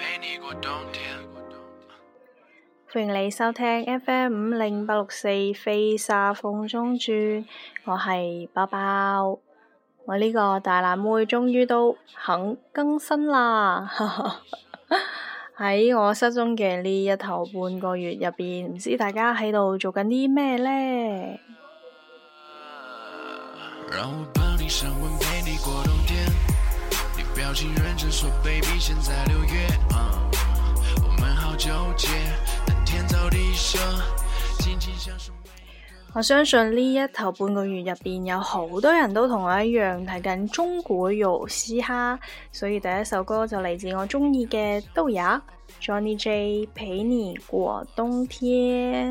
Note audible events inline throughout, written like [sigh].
陪你過冬天，歡迎你收聽 FM 五零八六四飛沙風中轉，我係包包，我呢個大懶妹終於都肯更新啦！喺 [laughs] 我失蹤嘅呢一頭半個月入邊，唔知大家喺度做緊啲咩呢？我相信呢一頭半個月入邊有好多人都同我一樣睇緊中國有嘻哈，所以第一首歌就嚟自我中意嘅都芽 Johnny J《陪你過冬天》。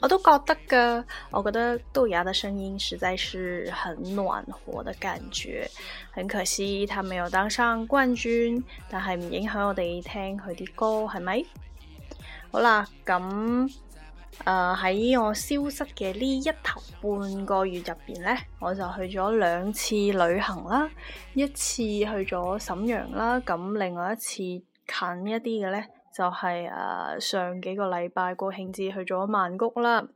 我都覺得嘅，我覺得豆芽的聲音實在是很暖和的感覺，很可惜他沒有當上冠軍，但係唔影響我哋聽佢啲歌，係咪？好啦，咁，誒、呃、喺我消失嘅呢一頭半個月入邊咧，我就去咗兩次旅行啦，一次去咗瀋陽啦，咁另外一次近一啲嘅咧。就係、誒、上幾個禮拜國慶節去咗曼谷啦。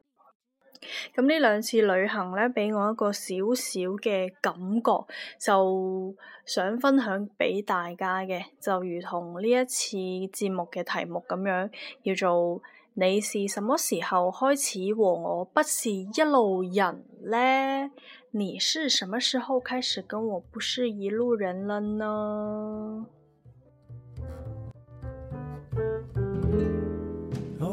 咁呢兩次旅行咧，俾我一個小小嘅感覺，就想分享俾大家嘅，就如同呢一次節目嘅題目咁樣，叫做你是什麼時候開始和我不是一路人呢？你是什麼時候開始跟我不是一路人了呢？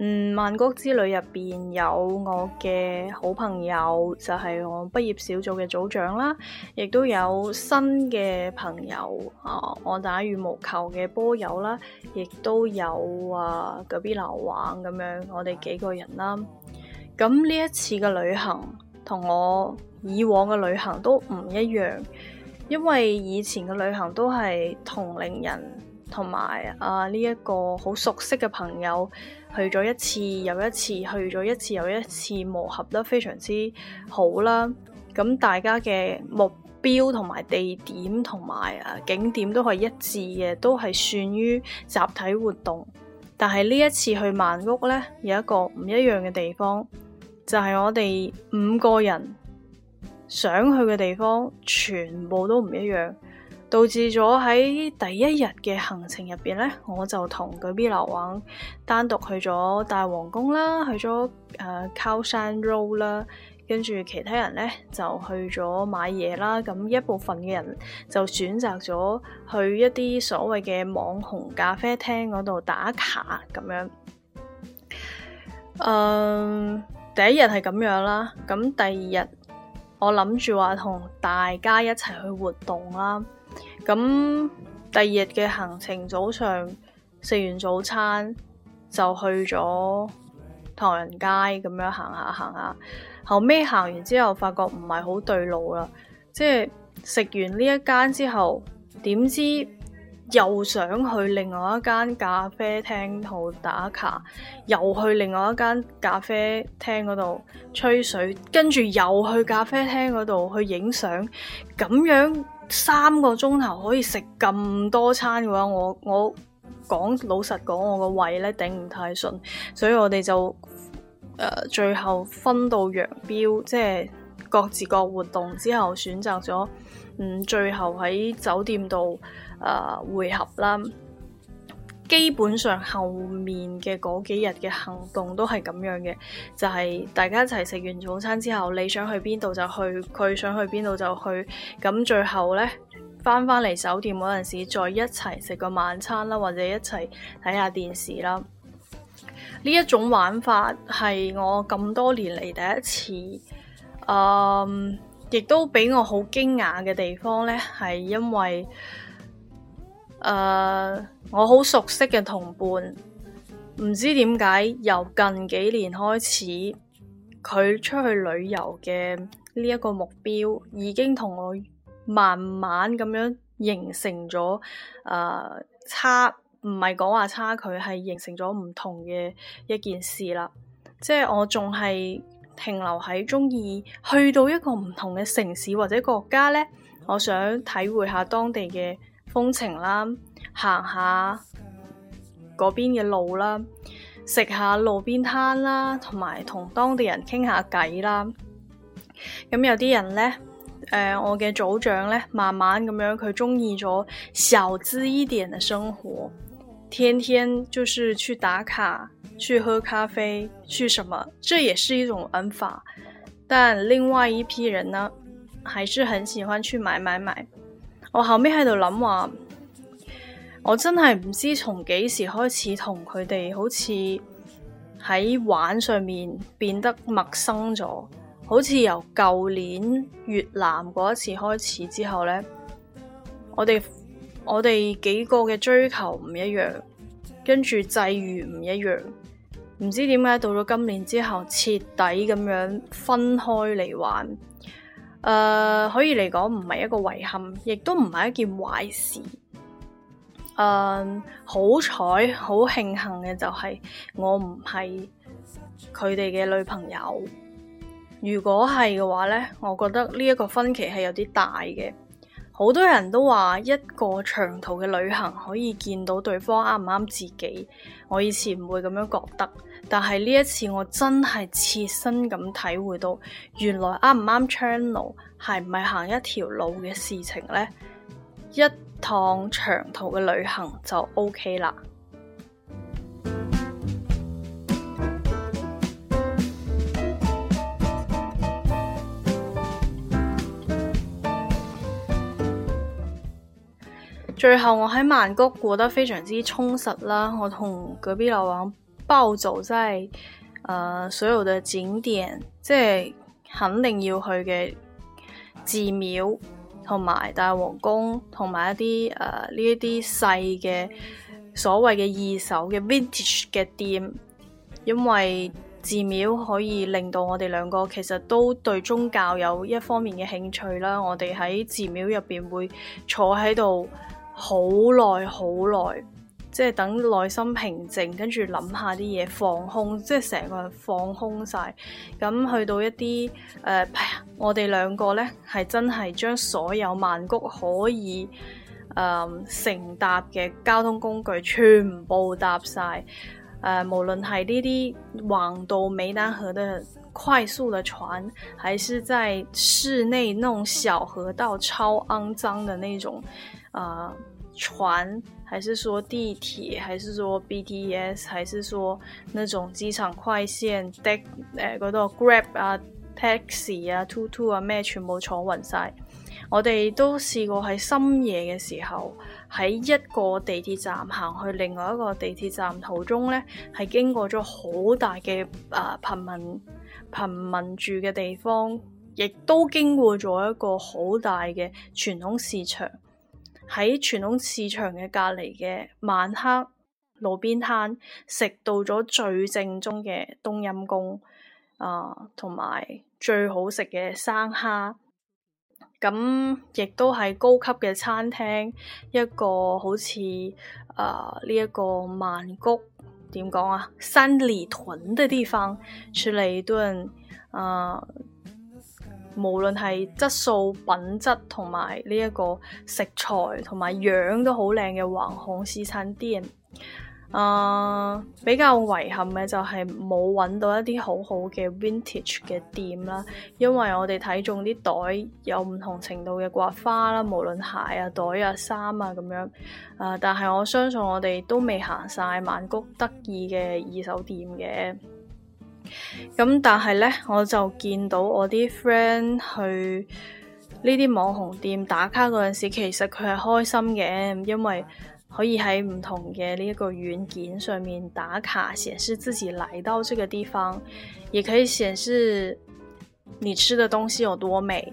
嗯，萬國之旅入邊有我嘅好朋友，就係我畢業小組嘅組長啦，亦都有新嘅朋友啊，我打羽毛球嘅波友啦，亦都有啊嗰邊流玩咁樣，我哋幾個人啦。咁呢一次嘅旅行同我以往嘅旅行都唔一樣，因為以前嘅旅行都係同齡人同埋啊呢一個好熟悉嘅朋友。去咗一次又一次，去咗一次又一次磨合得非常之好啦。咁大家嘅目標同埋地點同埋啊景點都係一致嘅，都係算於集體活動。但係呢一次去曼谷呢，有一個唔一樣嘅地方，就係、是、我哋五個人想去嘅地方全部都唔一樣。導致咗喺第一日嘅行程入邊咧，我就同佢 B 樓王單獨去咗大皇宮啦，去咗誒考山路啦，跟住其他人咧就去咗買嘢啦。咁一部分嘅人就選擇咗去一啲所謂嘅網紅咖啡廳嗰度打卡咁樣。誒、呃，第一日係咁樣啦。咁第二日，我諗住話同大家一齊去活動啦。咁第二日嘅行程，早上食完早餐就去咗唐人街咁樣行下行下，後尾行完之後發覺唔係好對路啦。即係食完呢一間之後，點知又想去另外一間咖啡廳度打卡，又去另外一間咖啡廳嗰度吹水，跟住又去咖啡廳嗰度去影相，咁樣。三個鐘頭可以食咁多餐嘅話，我我講老實講，我個胃咧頂唔太順，所以我哋就誒、呃、最後分道揚鑣，即係各自各活動之後，選擇咗嗯最後喺酒店度誒會合啦。基本上後面嘅嗰幾日嘅行動都係咁樣嘅，就係、是、大家一齊食完早餐之後，你想去邊度就去，佢想去邊度就去。咁最後呢，翻返嚟酒店嗰陣時，再一齊食個晚餐啦，或者一齊睇下電視啦。呢一種玩法係我咁多年嚟第一次，嗯，亦都俾我好驚訝嘅地方呢，係因為。誒、uh，我好熟悉嘅同伴，唔知點解由近幾年開始，佢出去旅遊嘅呢一個目標，已經同我慢慢咁樣形成咗誒、uh, 差，唔係講話差距，係形成咗唔同嘅一件事啦。即係我仲係停留喺中意去到一個唔同嘅城市或者國家咧，我想體會下當地嘅。風情啦，行下嗰邊嘅路啦，食下路邊攤啦，同埋同當地人傾下偈啦。咁有啲人咧，誒、呃，我嘅組長咧，慢慢咁樣佢中意咗小資一點嘅生活，天天就是去打卡、去喝咖啡、去什麼，這也是一種玩法。但另外一批人呢，還是很喜歡去買買買。我後尾喺度諗話，我真係唔知從幾時開始同佢哋好似喺玩上面變得陌生咗，好似由舊年越南嗰一次開始之後呢，我哋我哋幾個嘅追求唔一樣，跟住際遇唔一樣，唔知點解到咗今年之後徹底咁樣分開嚟玩。誒、uh，可以嚟講唔係一個遺憾，亦都唔係一件壞事。誒，好彩，好慶幸嘅就係我唔係佢哋嘅女朋友。如果係嘅話呢，我覺得呢一個分歧係有啲大嘅。好多人都話一個長途嘅旅行可以見到對方啱唔啱自己。我以前唔會咁樣覺得。但係呢一次，我真係切身咁體會到，原來啱唔啱 channel，係唔係行一條路嘅事情呢？一趟長途嘅旅行就 OK 啦。最後，我喺曼谷過得非常之充實啦。我同嗰啲老暴走在，誒、呃，所有的景點，即係肯定要去嘅寺廟、同埋大皇宮，同埋一啲誒、呢一啲細嘅所謂嘅二手嘅 vintage 嘅店，因為寺廟可以令到我哋兩個其實都對宗教有一方面嘅興趣啦。我哋喺寺廟入邊會坐喺度好耐好耐。即係等內心平靜，跟住諗下啲嘢，放空，即係成個放空晒。咁去到一啲、呃、我哋兩個呢，係真係將所有曼谷可以、呃、乘搭嘅交通工具全部搭晒。誒、呃，無論係呢啲橫渡、湄南河的快速的船，還是在市內弄小河道超骯髒的那種，啊、呃。船，還是說地鐵，還是說 BTS，還是說那種機場快線，誒嗰度 Grab 啊、Taxi 啊、to to 啊咩，全部坐暈晒。我哋都試過喺深夜嘅時候，喺一個地鐵站行去另外一個地鐵站途中呢，係經過咗好大嘅誒、呃、貧民貧民住嘅地方，亦都經過咗一個好大嘅傳統市場。喺傳統市場嘅隔離嘅晚黑路邊攤食到咗最正宗嘅冬陰功啊，同、呃、埋最好食嘅生蝦。咁亦都係高級嘅餐廳，一個好似啊呢一個曼谷點講啊三里屯嘅地方，吃嚟一頓啊～、呃無論係質素、品質同埋呢一個食材同埋樣都好靚嘅橫巷試餐店。誒，uh，比較遺憾嘅就係冇揾到一啲好好嘅 vintage 嘅店啦，因為我哋睇中啲袋有唔同程度嘅刮花啦，無論鞋啊、袋啊、衫啊咁樣。誒，uh，但係我相信我哋都未行晒曼谷得意嘅二手店嘅。咁、嗯、但係咧，我就見到我啲 friend 去呢啲網紅店打卡嗰陣時候，其實佢係開心嘅，因為可以喺唔同嘅呢一個軟件上面打卡，顯示自己嚟到這個地方，亦可以顯示你吃的東西有多美。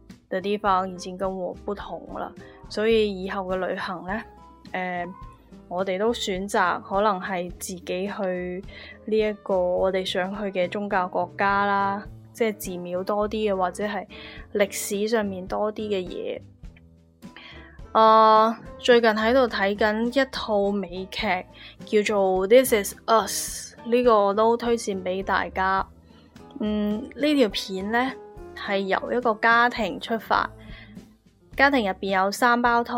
嘅地方以前咁唔同啦，所以以後嘅旅行呢，誒、呃，我哋都選擇可能係自己去呢一個我哋想去嘅宗教國家啦，即係寺廟多啲嘅，或者係歷史上面多啲嘅嘢。啊、呃，最近喺度睇緊一套美劇，叫做《This Is Us》，呢個我都推薦俾大家。嗯，呢條片呢。係由一個家庭出發，家庭入邊有三胞胎，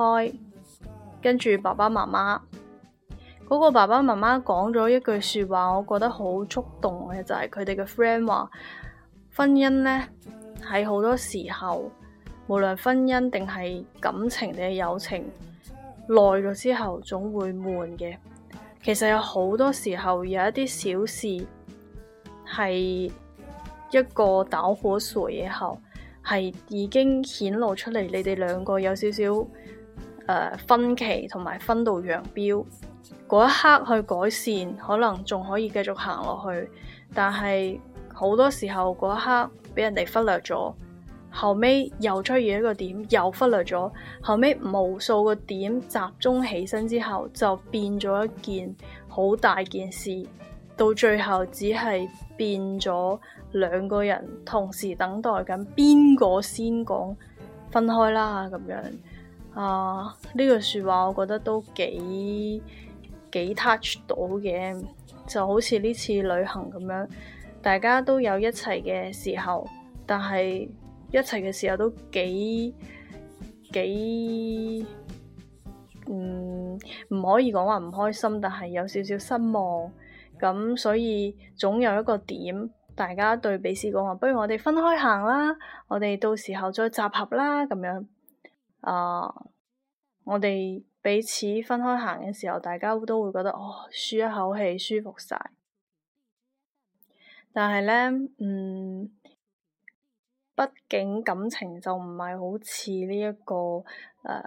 跟住爸爸媽媽，嗰個爸爸媽媽講咗一句說話，我覺得好觸動嘅，就係佢哋嘅 friend 話，婚姻呢，喺好多時候，無論婚姻定係感情定係友情，耐咗之後總會悶嘅。其實有好多時候有一啲小事係。一個導火線之後，係已經顯露出嚟，你哋兩個有少少誒分歧，同埋分道揚鑣嗰一刻去改善，可能仲可以繼續行落去。但係好多時候嗰一刻俾人哋忽略咗，後尾又出現一個點，又忽略咗，後尾無數個點集中起身之後，就變咗一件好大件事。到最後只係變咗兩個人同時等待緊邊個先講分開啦，咁樣啊。呢句說話我覺得都幾幾 touch 到嘅，就好似呢次旅行咁樣，大家都有一齊嘅時候，但係一齊嘅時候都幾幾嗯唔可以講話唔開心，但係有少少失望。咁所以總有一個點，大家對彼此講話，不如我哋分開行啦，我哋到時候再集合啦，咁樣啊，我哋彼此分開行嘅時候，大家都會覺得哦，舒一口氣，舒服晒。但係咧，嗯，畢竟感情就唔係好似呢一個、呃、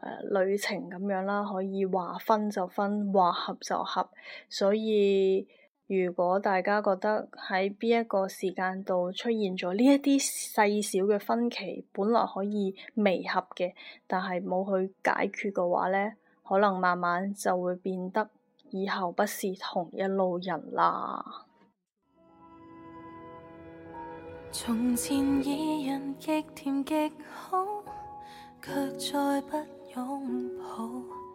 旅程咁樣啦，可以話分就分，話合就合，所以，如果大家覺得喺邊一個時間度出現咗呢一啲細小嘅分歧，本來可以彌合嘅，但係冇去解決嘅話呢，可能慢慢就會變得以後不是同一路人啦。從前二人極甜極好，卻再不擁抱。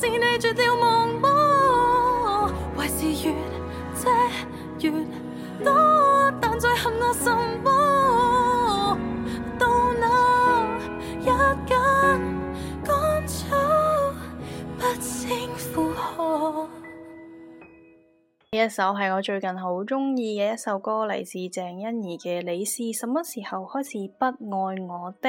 是你絕了夢嗎？還是越遮越,越多？但最恨我什麼？到那一根乾草不勝負荷。呢一首係我最近好鍾意嘅一首歌，嚟自鄭欣宜嘅《你是什麼時候開始不愛我的》。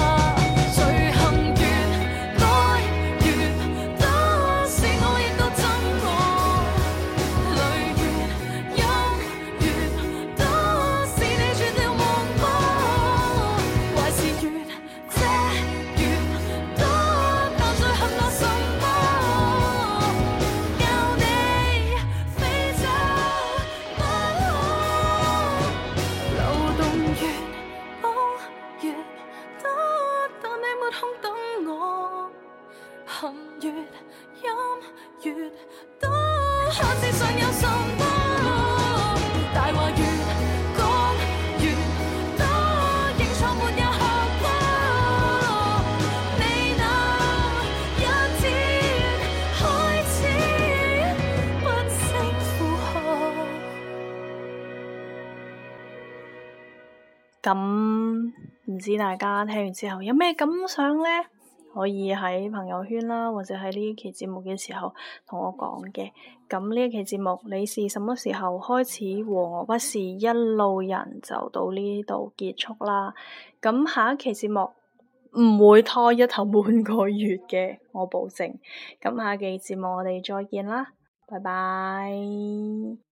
咁唔知大家聽完之後有咩感想呢？可以喺朋友圈啦，或者喺呢期節目嘅時候同我講嘅。咁呢一期節目你是什麼時候開始和我不是一路人就到呢度結束啦。咁下一期節目唔會拖一頭半個月嘅，我保證。咁下期節目我哋再見啦，拜拜。